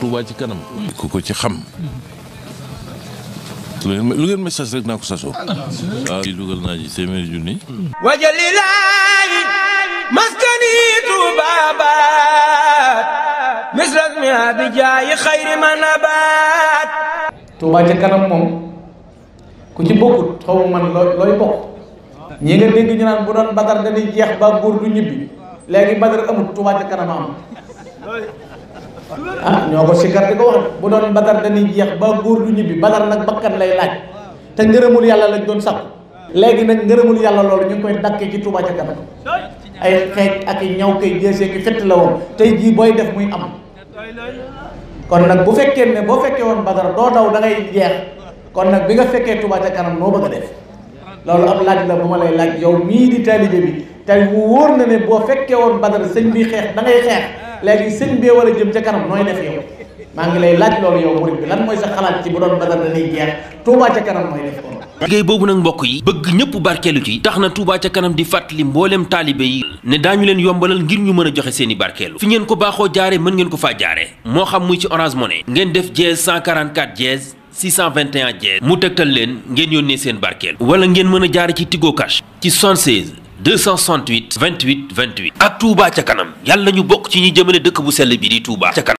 Touba ci kanam. ku ko ci xam. lu ngeen lu ngeen message rek naa ko sasoo. waaw kii dugal naa ji téeméeri junni. wajalilaayi maskani Touba baat misrak mi abijaayi xayri man abaat. Touba ca kanam moom ku ci bokkut xaw ma man looy bokk. ñi nga dégg naan bu doon badar dañuy jeex ba góor du ñibbi léegi badar amut Touba ca kanam am. ah ñoo ko sikkar di ko wax bu doon badar dañuy jeex ba góor du ñibbi badar nag bakkan lay laaj te ngërëmul yàlla lañ doon sax léegi nag ngërëmul yàlla loolu ñu ngi koy dakkee ci Touba a kanam ay xeej ak i ñaw koy jeesee ki fett la woon tey jii booy def muy am kon nag bu fekkee ne boo fekkee woon badar doo daw da ngay jeex kon nag bi nga fekkee Touba ca kanam moo bëgg a def loolu ab laaj la bu ma lay laaj yow mii di taalibe bi te wóor na ne boo fekkee woon badar sëñ bi xeex da ngay xeex léegi sëñ bee war a jëm ca kanam nooy def yow maa ngi lay laaj lool yow murid bi lan mooy sa xalaat ci bu doon badar dañuy jeex Touba ca kanam mooy def ko. liggéey boobu nag mbokk yi bëgg ñëpp barkeelu ci tax na Touba ca kanam di fàttali mbooleem taalibe yi ne daañu leen yombalal ngir ñu mën a joxe seeni i barkeelu fi ngeen ko baaxoo jaare mën ngeen ko faa jaare moo xam muy ci Orange Money ngeen def dièse 144 dièse 621 dièse mu tegtal leen ngeen yónnee seen barkeel wala ngeen mën a jaare ci Tigo Cash ci 76 268 28 28 ak Touba ca kanam yàlla ñu bokk ci ñi jëmale dëkk bu sell bi di Touba ca kanam